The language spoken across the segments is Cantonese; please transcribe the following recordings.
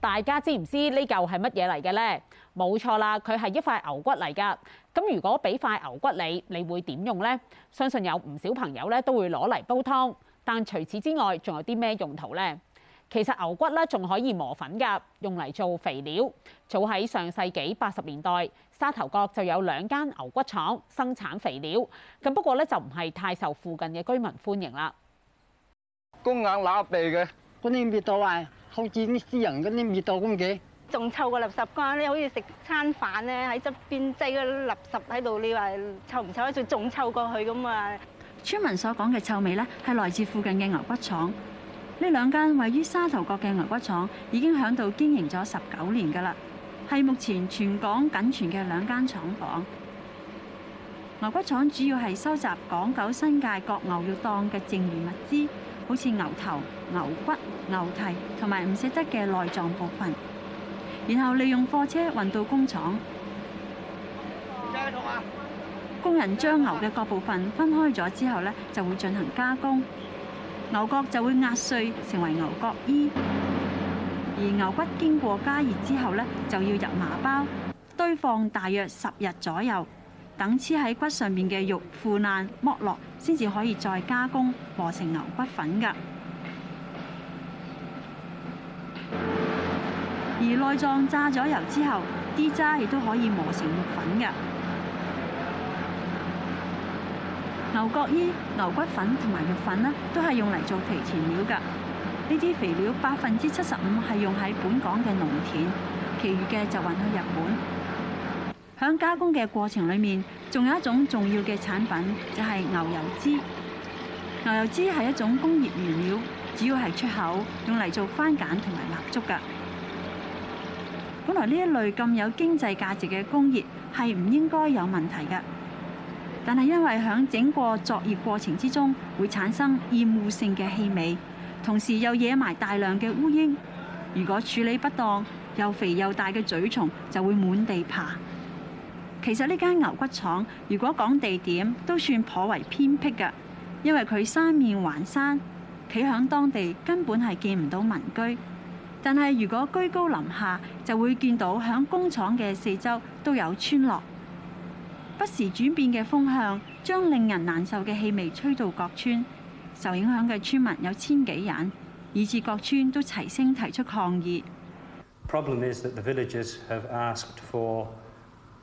大家知唔知呢嚿係乜嘢嚟嘅咧？冇錯啦，佢係一塊牛骨嚟噶。咁如果俾塊牛骨你，你會點用咧？相信有唔少朋友咧都會攞嚟煲湯。但除此之外，仲有啲咩用途咧？其實牛骨咧仲可以磨粉㗎，用嚟做肥料。早喺上世紀八十年代，沙頭角就有兩間牛骨廠生產肥料。咁不過咧就唔係太受附近嘅居民歡迎啦。公眼乸鼻嘅，歡迎入到嚟。好似啲私人嗰啲味道咁嘅，仲臭過垃圾崗咧！你好似食餐飯咧，喺側邊擠嗰垃圾喺度，你話臭唔臭咧？仲臭過去。咁啊！村民所講嘅臭味咧，係來自附近嘅牛骨廠。呢兩間位於沙頭角嘅牛骨廠已經響度經營咗十九年㗎啦，係目前全港僅存嘅兩間廠房。牛骨廠主要係收集港九新界各牛肉檔嘅剩餘物資。好似牛頭、牛骨、牛蹄同埋唔食得嘅內臟部分，然後利用貨車運到工廠。工人將牛嘅各部分分開咗之後呢，就會進行加工。牛角就會壓碎成為牛角衣，而牛骨經過加熱之後呢，就要入麻包堆放大約十日左右。等黐喺骨上面嘅肉腐爛剝落，先至可以再加工磨成牛骨粉噶。而內臟炸咗油之後，啲渣亦都可以磨成肉粉噶。牛角衣、牛骨粉同埋肉粉呢，都係用嚟做肥田料噶。呢啲肥料百分之七十五係用喺本港嘅農田，其餘嘅就運去日本。響加工嘅過程裏面，仲有一種重要嘅產品，就係牛油脂。牛油脂係一種工業原料，主要係出口，用嚟做番梘同埋蠟燭嘅。本來呢一類咁有經濟價值嘅工業係唔應該有問題嘅，但係因為喺整個作業過程之中會產生厭惡性嘅氣味，同時又惹埋大量嘅烏蠅。如果處理不當，又肥又大嘅蛆蟲就會滿地爬。其實呢間牛骨廠，如果講地點，都算頗為偏僻嘅，因為佢三面環山，企響當地根本係見唔到民居。但係如果居高臨下，就會見到響工廠嘅四周都有村落。不時轉變嘅風向，將令人難受嘅氣味吹到各村，受影響嘅村民有千幾人，以致各村都齊聲提出抗議。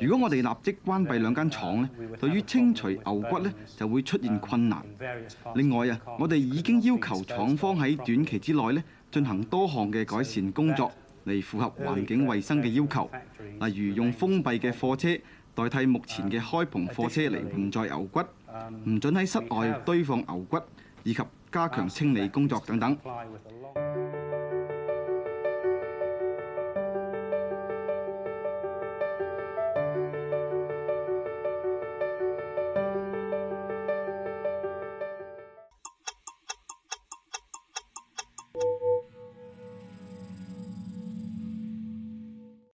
如果我哋立即關閉兩間廠咧，對於清除牛骨咧就會出現困難。另外啊，我哋已經要求廠方喺短期之內咧進行多項嘅改善工作，嚟符合環境衛生嘅要求，例如用封閉嘅貨車代替目前嘅開篷貨車嚟運載牛骨，唔準喺室外堆放牛骨，以及加強清理工作等等。